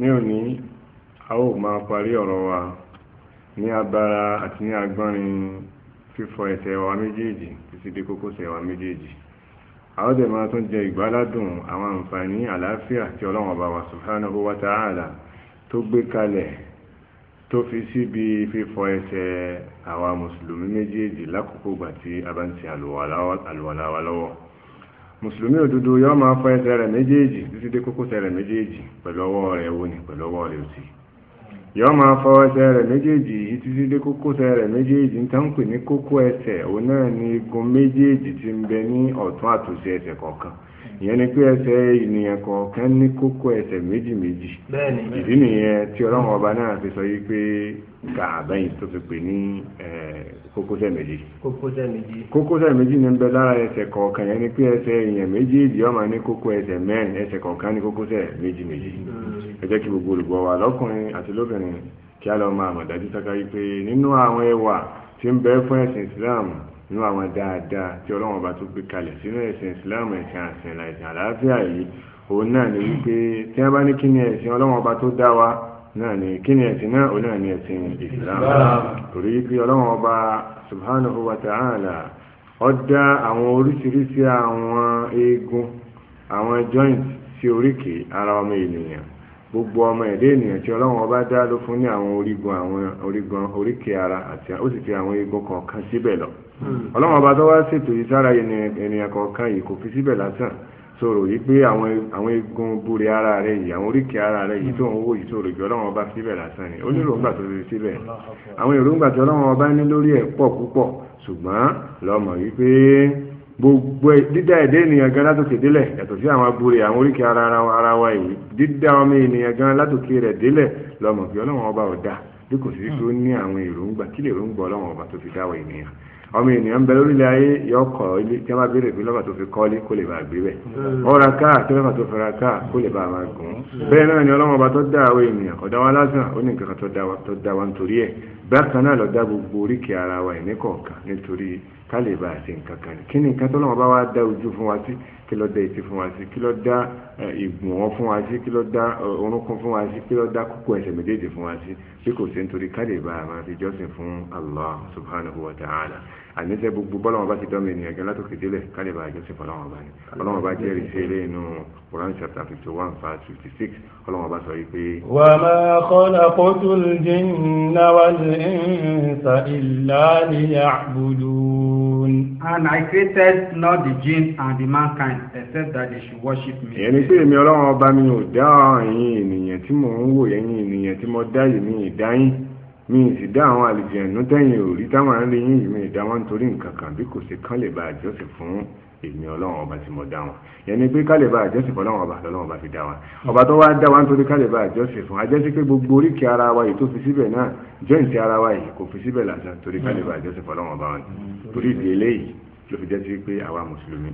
ní òní a ó máa parí ọ̀rọ̀ wa ní abara àti ní agbọ́nrin fífọ ẹsẹ̀ wa méjèèjì títí dé kókósẹ̀ wa méjèèjì a ó dẹ̀ máa tún jẹ ìgbáládùn àwọn àǹfààní àlàáfíà tí ọlọ́run ọba wa subhanahu wa ta'ala tó gbé kalẹ̀ tó fi síbi fífọ ẹsẹ̀ àwa mùsùlùmí méjèèjì lákòókò gbà tí a bá ń ṣe àlùwàlá lọ́wọ́ musulumi òdodo yọ ma fọ ẹsẹ rẹ méjèèjì títí dé kókósẹ̀ rẹ̀ méjèèjì pẹ̀lú ọwọ́ rẹ̀ wo ni pẹ̀lú ọwọ rẹ̀ òsì yọ ma fọ ẹsẹ rẹ méjèèjì yìí títí dé kókósẹ̀ rẹ̀ méjèèjì níta ń pè ní kókó òun náà ni igun méjèèjì ń bẹ ní àtòsí ìyẹn ni pé ènìyàn ọba náà fi sọ pé tó fi pè kókósẹ̀ méjì kókósẹ̀ méjì ní bẹ lára ẹsẹ̀ kọ̀ọ̀kan yẹn ni pé ẹsẹ̀ èèyàn méjèèjì ọmọ ní kókó ẹsẹ̀ mẹ́rin ẹsẹ̀ kọ̀ọ̀kan ní kókósẹ̀ méjì méjì hmm. ẹ jẹ́ kí gbogbo olùgbọ́ wa lọ́kùnrin àti lóbìnrin kí á lọ máa mọ̀ dájú sáká yìí pé nínú àwọn ẹwà tí ń bẹ fún ẹ̀sìn Islam nínú àwọn dáadáa tí Ọlọ́run bá tún gbé kalẹ̀ sínú ẹ̀sìn Islam ẹ̀sìn àṣìn àlàáfíà yìí òun náà ni wípé tí wọ́n bá ní kí ni ẹ̀sìn Ọlọ́run bá tó dá wa náà ni kí ni ẹ̀sìn náà ó náà ẹ̀sìn Islam torí pé ọlọ́run ọba subhanahu wa ta'ala ó dá àwọn oríṣiríṣi àwọn eegun àwọn joint sí oríkèé ara ọmọ ènìyàn gbogbo ọmọ ẹ̀dẹ́ ènìyàn tí ọlọ́run ọba dá ló fún ní àwọn orígun àwọn orígun oríkèé ara àti ó sì fi àwọn eegun kọ̀ọ̀kan síbẹ̀ lọ hmm. ọlọ́run ọba tó wá ṣètò yìí sára ènìyàn kọ̀ọ̀kan yìí kò fi síbẹ̀ lásán sọ̀rọ̀ yìí pé àwọn egun búre ara rẹ̀ yìí àwọn oríkèé ara rẹ̀ yìí tó ń wò yìí sọ̀rọ̀ jù ọlọ́run ọba síbẹ̀ lásán ni ó ní èròǹgbà tó fi síbẹ̀ àwọn èròǹgbà tó ọlọ́run ọba ní lórí ẹ̀ pọ̀ púpọ̀ ṣùgbọ́n lọ́mọ yìí pé gbogbo dídá ẹ̀dá ènìyàn gan látòkè délẹ̀ yàtọ̀ sí àwọn abúre àwọn oríkèé ara ara wa yìí dídá ọmọ ènìyàn gan látòkè rẹ̀ délẹ̀ lọ́mọ pé ọlọ́run ọba ọ̀dà bí kò sí tó ní àwọn èròǹgbà kí lè ròǹgbà ọlọ́run ọba tó fi dáwọ̀ ènìyàn ọmọ ènìyàn bẹ lórílẹ̀ ayé yọ kọ́ ilé tí wọ́n bá béèrè pé lọ́kàn tó fi kọ́lé kó lè bá gbé bẹ̀ ọ̀rà káà tí lọ́kàn tó fi ra káà kó lè bá máa gùn bẹ́ẹ̀ náà ni ọlọ́mọba tó dá àwọn ènìyàn kò dá wa lásán ó ní nǹkan tó dá wa nítorí ẹ̀ bákan náà ló dá gbogbo oríkèé ara wa ẹ̀ níkọ̀ọ̀kan nítorí ká lè bá àṣẹ nǹkan kan kí ni nǹkan tó lọ́wọ́ bá wá dá ojú fún wa sí kí ló dá etí fún wa sí kí ló dá ìgbọ̀n fún wa sí kí ló dá orúnkún fún wa sí kí ló dá kókó ẹsẹ̀ méjèèjì fún wa sí bí kò sí nítorí ká lè bá a máa fi jọ́sìn fún Allah subhanahu wa ta'ala àníṣe gbogbo bọ́lá wọn bá ti dánwò ènìyàn gan látòkè délẹ̀ kálí bá àjọṣe fọlọ́wọn bá ní ọlọ́wọn bá jẹ́rìí sí ilé inú Quran chapter fifty one verse fifty six ọlọ́wọn bá sọ yìí pé. wà á máa kọ́lá kótó lè náwó ẹ̀ǹsà ìlàlẹ̀ àbúdú. And I created not the jinn and the mankind except that they should worship me. Ẹni tí èmi ọlọ́run ọba mi ò dá ẹ̀yin ènìyàn tí mò ń wò ẹ̀yin ènìyàn tí mo dá yìí mi ì mi ì sì dá àwọn àlìjẹ̀nú tẹ̀yìn òrí táwọn àárín yín yìí mi ì dá wọn nítorí nǹkan kan bí kò ṣe kán lè ba àjọsìn fún èmi ọlọ́run ọba tí mo dá wọn yẹni pé kálíbà àjọsìn fún ọlọ́run ọba lọ́lọ́run ọba fi dá wọn ọba tó wá dá wa nítorí kálíbà àjọsìn fún àjọsìn pé gbogbo oríkì ara wa yìí tó fi síbẹ̀ náà jọ́ǹtì ara wa yìí kò fi síbẹ̀ lásán torí kálíbà àjọsìn fún ọlọ́run ọba wọn torí ìdí eléyìí ló fi jẹ́ sí pé àwa mùsùlùmí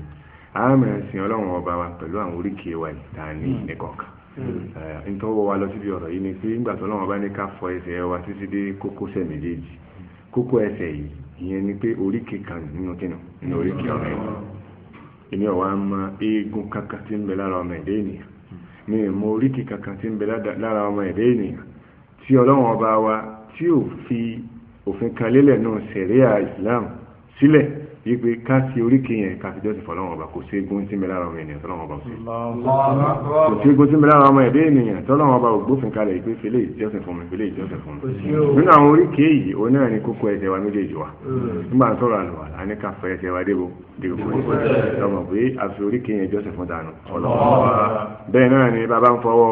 àmì ẹ̀sìn ọlọ́run ọba wa pẹ̀lú àwọn oríkì wa yìí tá a ní ìnẹ́kọ̀ọ̀kan nítorí wa lọ síbi ọ̀rọ̀ yìí ni pé nígbà tó lọ́wọ́ bá ní ká fọ ẹsẹ̀ wa títí dé kókósẹ̀ méjèèjì kókó ẹsẹ̀ yìí ìyẹn ni pé oríkèé kan nínú kínú nínú oríkèé ọ̀rọ̀ ẹ̀ èmi ọ̀wá mọ eegun kankan tí ń bẹ lára ọmọ ẹ̀dẹ́ ènìyàn mi mọ oríkèé kankan tí ń bẹ lára ọmọ ẹ̀dẹ́ ènìyàn tí ọlọ́wọ́n ọba wa tí fi òfin kan lélẹ̀ náà sẹ̀ríà Islam sílẹ̀ wípé ká sí oríkèé yẹn ká fi jọ́sì fọlọ́wọ́n ọba kò sí egun tí mẹ́lára ọmọ ènìyàn tọ́lọ́wọ́n ọba òsè kò sí egun tí mẹ́lára ọmọ ẹ̀dẹ́ ènìyàn tọ́lọ́wọ́n ọba ògbófin kalẹ̀ pé fẹlẹ́ ìjọsìn fún mi fẹlẹ́ ìjọsìn fún mi nínú àwọn oríkèé yìí òun náà ni kókó ẹsẹ̀ wa méjèèjì wa nígbà tó rà lọ àlá ní ká fẹ ẹsẹ̀ wa débo dìgbò ọmọ pé àfi oríkèé yẹn jọ́sìn fún dànù bẹ́ẹ̀ náà ni bàbá ń fọwọ́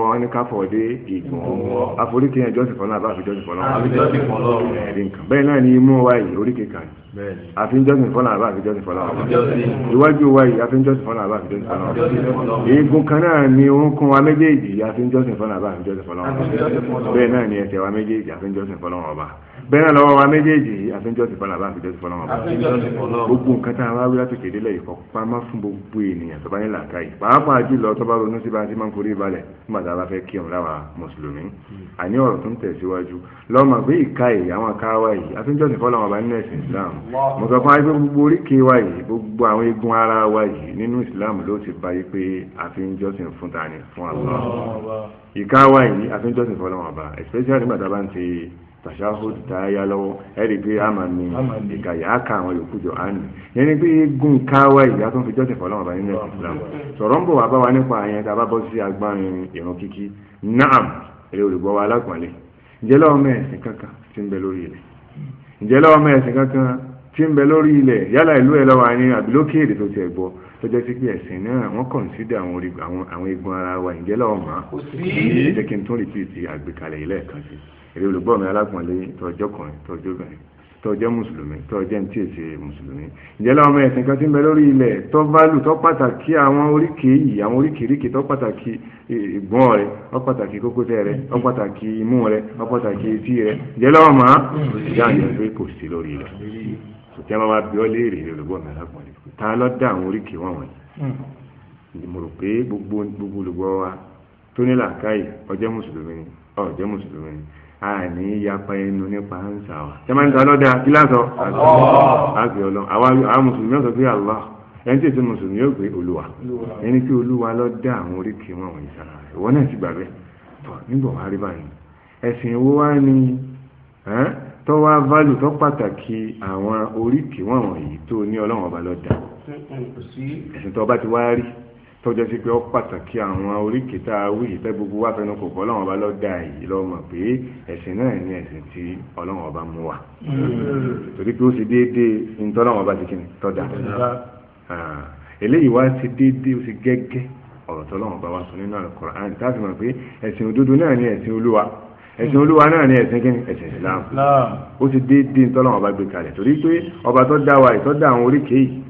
wa yìí oríkèé kan àfíjọ́sìn fọ́nà àbá àfíjọ́sìn fọ́nà ọ̀bà iwájú wa yìí àfíjọ́sìn fọ́nà àbá àfíjọ́sìn fọ́nà ọ̀bà eegun kan náà ni orúnkún wa méjèèjì àfíjọ́sìn fọ́nà àbá àfíjọ́sìn fọ́nà ọ̀bà bẹ́ẹ̀ náà ni ẹsẹ̀ wa méjèèjì àfíjọ́sìn fọ́nà ọ̀bà bẹ́ẹ̀ náà lọ́wọ́ wa méjèèjì àfẹ́jọ́ ti fọlọ́ àbáfẹ́jọ́ ti fọlọ́ wọn. gbogbo nǹkan tá a wá wí láti kéde lẹ́yìn ìfọ̀pamọ́ fún gbogbo ènìyàn tó bá ní làákàyè pàápàá jùlọ tó bá ronú sí bá a ti máa ń forí balẹ̀ nígbà tá a bá fẹ́ kí ọ̀run láwa mùsùlùmí. àní ọ̀rọ̀ tó ń tẹ̀síwájú lọ́mọ pé ìka yìí àwọn aká wa yìí àfẹ́jọ́ ti fọlọ́ wọn bá nínú ẹ̀sìn Islam. mo sọ fún wa pé gbogbo oríkèé wa yìí gbogbo àwọn eegun ara wa yìí nínú Islam ló ti bá yí pé àfẹ́jọ́ ti fún ta ni fún Allah. ìka wa yìí àfẹ́jọ́ ti fọlọ́ wọn bá especially nígbà tá a bá tàṣáhùd tayalo, lọ́wọ́ ẹ̀rí pé a máa ní ìkàyà á ka àwọn yòókù jọ á nì yẹn ni pé eégún káwá ìyá tó ń fi jọ́sìn fọlọ́wọ́n bá nínú Islam sọ̀rọ̀ ń bọ̀ wá bá wa nípa àyẹn tá a bá bọ́ sí agbárin ìrun kíkí naam èrè olùgbọ́ wa alákùnrin ǹjẹ́ lọ́wọ́ mẹ́ẹ̀sìn kankan tí ń bẹ lórí ilẹ̀ ǹjẹ́ lọ́wọ́ mẹ́ẹ̀sìn kankan tí ń bẹ lórí ilẹ̀ yálà ìlú ẹ̀ lọ́wọ́ àní àbí lókèèdè tó ti ẹ̀ gbọ́ tó jẹ́ sí pé ẹ̀sìn náà wọ́n kọ̀nsídà àwọn egun ara wa ǹjẹ́ lọ́wọ́ mọ́ ẹ jẹ́ kí n tún rìpíìtì àgbékalẹ̀ ilé ẹ̀kan sí èrè olùgbọ́ mi alágbọ̀nlé tọjọ́ kan tọjọ́ bẹ̀rẹ̀ tó jẹ́ mùsùlùmí tó jẹ́ ní tí èsè mùsùlùmí ìjẹ́lá ọmọ ẹ̀sìn kan ti ń bẹ lórí ilẹ̀ tó válù tó pàtàkì àwọn oríkèé yìí àwọn oríkèéríkèé tó pàtàkì ìgbọ́n rẹ̀ ó pàtàkì kókósẹ̀ rẹ̀ ó pàtàkì imú rẹ̀ ó pàtàkì etí rẹ̀ ìjẹ́lá ọmọ ìjáde pé kò sí lórí ilẹ̀ tòtí àwọn abẹ́ ọ léèrè olùgbọ́ mi alákùnrin ta ló dá àwọn oríkèé wọn wọ̀nyí àní yapa ẹnu nípa ànsà wa ṣe máa ń ta ọlọ́dẹ akíláṣọ àti ọlọ́run àwọn mùsùlùmí ọ̀sọ̀ pé àlọ́ ẹni tí èsì mùsùlùmí yóò pé olúwa ẹni tí olúwa lọ dá àwọn oríkèé wọn wọ̀nyí sára rẹ̀ ìwọ náà ti gbà bẹ́ẹ̀ tọ́ nígbà wàá rí báyìí ẹ̀sìn wo wá ni tọ́ wá válù tọ́ pàtàkì àwọn oríkèé wọn wọ̀nyí tó ní ọlọ́run ọba lọ ẹ̀sìn tó ọba ti wá rí tọ́jọ́ sí pé ó pàtàkì àwọn oríkèé tá a wí ìfẹ́ gbogbo wá fẹnu kò bọ́ ọlọ́run ọba lọ́dà yìí lọ́mọ pé ẹ̀sìn náà ni ẹ̀sìn tí ọlọ́run ọba mú wa torí pé ó ṣe déédéé ní tọ́lọ́run ọba ti kí ni tọ́da eléyìí wá ṣe déédéé ó ṣe gẹ́gẹ́ ọ̀rọ̀ tọ́lọ́run ọba wa sọ nínú Al-Qur'an tá a fi mọ̀ pé ẹ̀sìn òdodo náà ni ẹ̀sìn olúwa ẹ̀sìn olúwa náà ni ẹ̀sìn kíni ẹ̀sìn Islam ó ṣe déédéé ní tọ́lọ́run ọba gbé kalẹ̀ torí pé ọba tó dá wa ìtọ́dá àwọn oríkèé yìí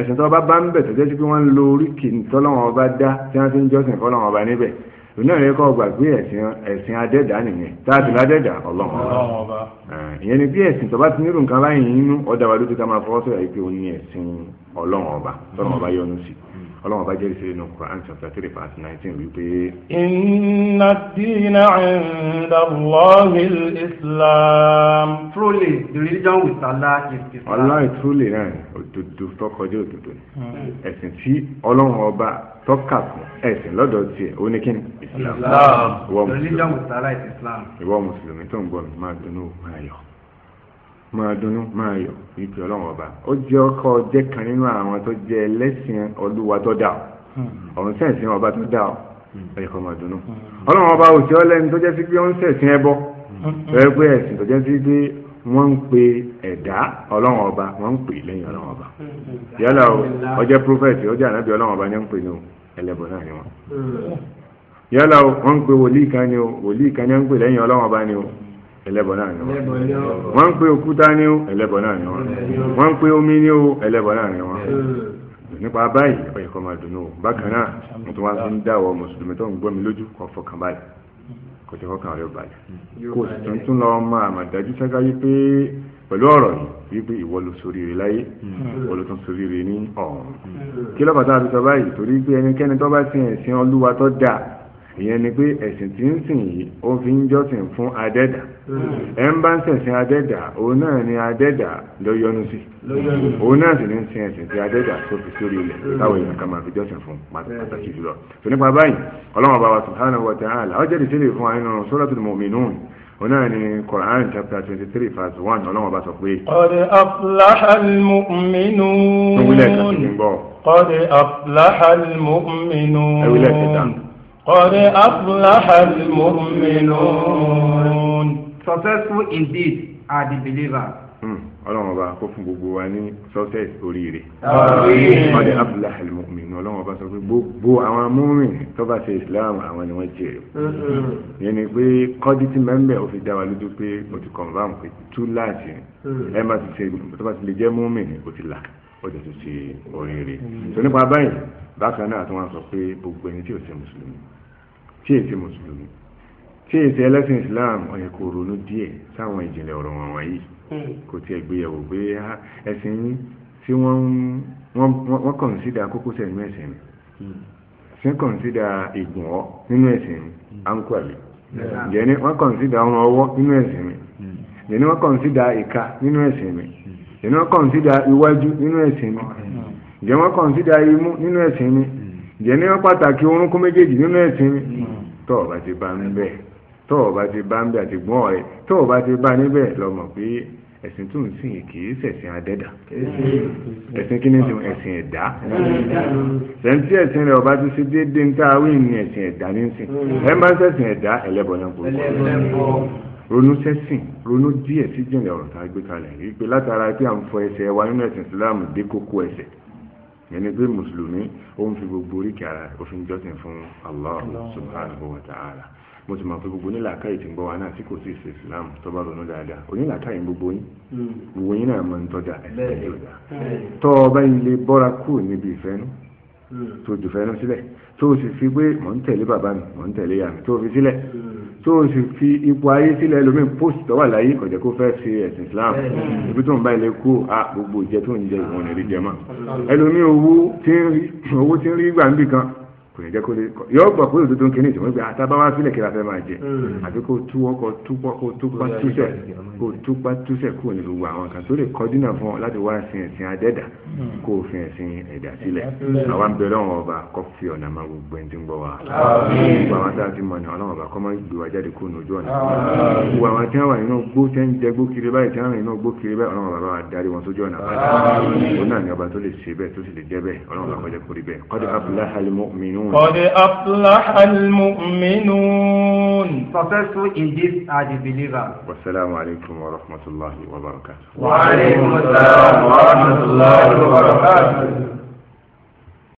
ẹ̀sìn tó bá bá ń bẹ̀ tẹ́jẹ́ sí pé wọ́n ń lo oríkì tọ́lọ́wọ́n ọba dá tí wọ́n fi ń jọ́sìn fọ́lọ́wọ́n ọba níbẹ̀ òní ọ̀rẹ́ kọ́ gbàgbé ẹ̀sìn ẹ̀sìn adẹ́dà nìyẹn táàtì ládẹ́dà ọlọ́run ọba ah, ìyẹn ni bí ẹ̀sìn tó bá ti nírú nǹkan báyìí nínú ọ̀dà wa ló ti ká máa fọwọ́sọ̀rọ̀ yìí pé ó ní ẹ̀sìn ọlọ́run ọba tọ́lọ́run ọba yọ́nú ọlọ́run bá jẹ́rìí sí inú Quran chapter three verse nineteen wípé. inna dina inda Allahi islam. truly the religion with Allah is islam. Allah is truly náà òdodo tọkọjá òdodo hmm. ẹ̀sìn tí ọlọ́run ọba tọ́ka fún ẹ̀sìn lọ́dọ̀ tiẹ̀ ó ní kíni. islam the religion with Allah is islam. ìwọ mùsùlùmí tó ń gbọ́ mi máa dunnú máa yọ̀ máa dunnú máa yọ̀ ìpè ọlọ́run ọba ó jẹ́ ọkọ jẹ́ kan nínú àwọn tó jẹ́ ẹlẹ́sìn olúwa tó dà ọ́ hmm. ọ̀run sẹ́ǹsìn ọba tó dà ọ́ ẹ̀kọ́ máa dunnú hmm. ọlọ́run ọba òsì ọlẹ́ni tó jẹ́ sí pé ó ń sẹ̀sìn ẹbọ lọ́wọ́ hmm. pé ẹ̀sìn tó jẹ́ sí pé wọ́n ń pe ẹ̀dá ọlọ́run ọba wọ́n ń pè lẹ́yìn ọlọ́run ọba yálà ó jẹ́ prophet ó ànábì ọlọ́run ọba ni ó ń pè ní ẹlẹ́bọ náà ni wọ́n yálà ó wọ́n ń pe wòlíì kan ni ó wòlíì kan ni ó ń pè lẹ́yìn ọlọ́run ọba ni ó ẹlẹ́bọ náà ni wọ́n wọ́n ń pe òkúta ní o ẹlẹ́bọ náà ni wọ́n wọ́n ń pe omi ní o ẹlẹ́bọ náà ni wọ́n hmm. nípa báyìí ẹ̀kọ́ yẹ kọ́ máa dùn ó bákan náà mo tún wá sí ń dáwọ́ mùsùlùmí tó ń gbọ́ mi lójú kọ́ fọkàn báyìí kò tí fọkàn rẹ̀ balẹ̀ kò sì tún tún lọ máa mà dájú ságáyé pé pẹ̀lú ọ̀rọ̀ yìí wípé ìwọ ló soríire láyé hmm. ìwọ ló tún soríire ní ọ̀hún hmm. kí lọ́pàá tá a fi sọ báyìí torí pé ẹnikẹ́ni tó bá ti ẹ̀sìn Olúwa tó dáa ìyẹn ni pé ẹ̀sìn tí ń sìn yìí ó fi ń jọ́sìn fún adẹ́dà hmm. ẹ̀ ń bá ń sẹ̀sìn adẹ́dà òun náà ni adẹ́dà ló yọ́nú sí òun náà sì ní ń sin ẹ̀sìn tí adẹ́dà tó fi sórí ilẹ̀ hmm. táwọn èèyàn kan máa fi jọ́sìn fún pàtàkì jùlọ tó nípa báyìí ọlọ́run bá wa subhanahu wa ta'ala ó jẹ́rìí sílẹ̀ fún wa nínú suratul mu'minun هنا القرآن chapter 23 verse 1 ولما بتقوي قد أفلح المؤمنون قد أفلح المؤمنون قد أفلح المؤمنون Successful indeed are the believers. Hmm. Ọlọ́run ọba kó fún gbogbo wa ní success oríire. Qad aflaha al-mu'minun ọlọ́run ọba sọ pé gbogbo àwọn múrin tó bá ṣe Islam àwọn ni wọ́n jèrè. Mm-hmm. Yẹn ni pé kọ́dí tí mẹ́mbẹ̀ ó fi dá wa lójú pé mo ti confam pé tú láti mm. ẹ má ti ṣe tó bá ti lè jẹ́ múrin ó ti là ó ti ti ṣe oríire. Sọ mm. nípa báyìí bákan náà tí wọ́n sọ pé gbogbo ẹni tí ò ṣe mùsùlùmí tí èsì mùsùlùmí tí èsì ẹlẹ́sìn islam ó yẹ kó ronú díẹ̀ sáwọn ìjìnlẹ̀ ọ̀rọ̀ wọn wọ̀nyí hmm. kò tiẹ̀ gbéyàwó pé ah, ẹ̀sìn yín tí wọ́n kọ̀nsídà kókósẹ̀ nínú ẹ̀sìn mi hmm. tí wọ́n kọ̀nsídà ìgbọ̀n ọ́ nínú ẹ̀sìn mi ankwale hmm. jẹ́ni wọ́n kọ̀nsídà ọrùn ọwọ́ nínú ẹ̀sìn mi jẹ́ni wọ́n kọ̀nsídà ìka nínú ẹ̀sìn mi jẹ́ni wọ́n kọ̀nsídà iwájú nínú ẹ̀sìn mi jẹ́ni wọ́n kọ̀nsídà imú nínú ẹ̀sìn mi jẹ́ ní wọ́n pàtàkì orúnkún méjèèjì nínú ẹ̀sìn mi hmm. tọ́ ọ̀bá ti bá ń bẹ̀ tọ́ ọ̀bá ti bá ń bẹ̀ àti gbọ́n ọ̀rẹ́ tọ́ ọ̀bá ti bá níbẹ̀ lọ́mọ pé ẹ̀sìn tó ń sìn kì í ṣẹ̀sìn adẹ́dà ẹ̀sìn kí ni ti ẹ̀sìn ẹ̀dá sẹ́ńtì ẹ̀sìn rẹ̀ ọba ti ṣe déédéé ń tá a wí ní ẹ̀sìn ẹ̀dá ní sìn ẹ̀ máa ń ṣẹ̀sìn ẹ̀dá ẹlẹ́bọ̀ náà kò ronú sẹ́sìn ronú díẹ̀ sí jìnlẹ̀ ọ̀rọ̀ tá a gbé kalẹ̀ wípé látara pé à ń fọ ẹsẹ̀ wa nínú ẹ̀sìn Islam dé kókó ẹsẹ̀ yẹn ni pé mùsùlùmí ó ń fi gbogbo oríkì ara rẹ̀ ó fi ń jọ́sìn fún Allah subhanahu wa ta'ala mo ti mọ̀ pé gbogbo onílàákàyè tí ń gbọ́ wa náà tí kò sí ìsìn Islam tó bá ronú dáadáa onílàákàyè gbogbo yín hmm. gbogbo yín náà mọ̀ ń tọ́jà ẹ̀sìn ìjọba tọ́ ọba ilé bọ́ra kúrò níbi ìfẹ́nu hmm. tó jù fẹ́nu sílẹ̀ tó sì fi pé mò ń tẹ̀lé bàbá mi mò ń tẹ̀lé ìyá mi tó fi sílẹ̀ hmm tó o sì fi ipò ayé sílẹ̀ lómi post tọ́wà láyé kọ̀jẹ́ kó fẹ́ ṣe ẹ̀sìn Islam ibi tó ń bá ilé kú a gbogbo ìjẹ tó ń jẹ ìwọ̀n ìrìjẹ mọ́ ẹlòmí owó tí ń rí gbà ń bì kan kò ní jẹ́ kó lè yọ gbà pé òdodo ń kíní ìtìwọ́n pé àtàbá wá sílẹ̀ kí la fẹ́ máa jẹ hmm. àti kó túwọ́ kó túpọ́ kó túpá túsẹ̀ kó túpá túsẹ̀ kúrò ní gbogbo àwọn kan tó lè kọ́ dínà fún ọ láti wá ẹ̀sìn ẹ̀sìn adẹ́dà hmm. kó o fi ẹ̀sìn ẹ̀dà sílẹ̀ àwa ń bẹ̀rẹ̀ ọ̀hún ọba kó fi ọ̀nà máa gbogbo ẹni tí ń bọ̀ wá. gbogbo àwọn tá a ti mọ ní ọlọ́run ọba kó má gbé wa jáde kó nu ojú ọ̀nà. gbogbo àwọn tí wọ́n wà nínú gbó tí ń jẹ gbó kiri báyìí tí wọ́n rìn inú gbó kiri báyìí ọlọ́run ọba wa darí wọn sójú ọ̀nà padà. òun náà ni ọba tó lè ṣe bẹ́ẹ̀ tó sì lè jẹ́ bẹ́ẹ̀ ọlọ́run ọba kọjá kórìí bẹ́ẹ̀ kọ́dí abúlé halimọ́ mìíràn قد أفلح المؤمنون فتسو إنجيز آج بليغا والسلام عليكم ورحمة الله وبركاته وعليكم السلام ورحمة الله وبركاته